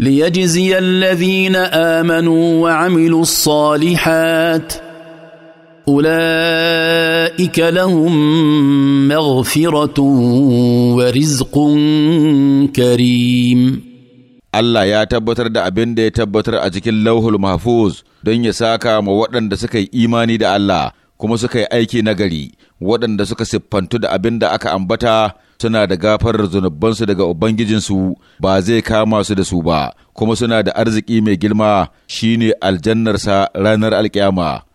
ليجزي الذين امنوا وعملوا الصالحات اولئك لهم مغفره ورزق كريم Allah ya tabbatar da abin da ya tabbatar a cikin lauhul mahfuz don ya saka ma waɗanda suka yi imani da Allah kuma suka yi aiki nagari waɗanda suka siffantu da abin da aka ambata suna da gafarar zunubansu daga Ubangijinsu ba zai kama su da su ba, kuma suna da arziki mai girma shine aljannarsa ranar alƙiyama.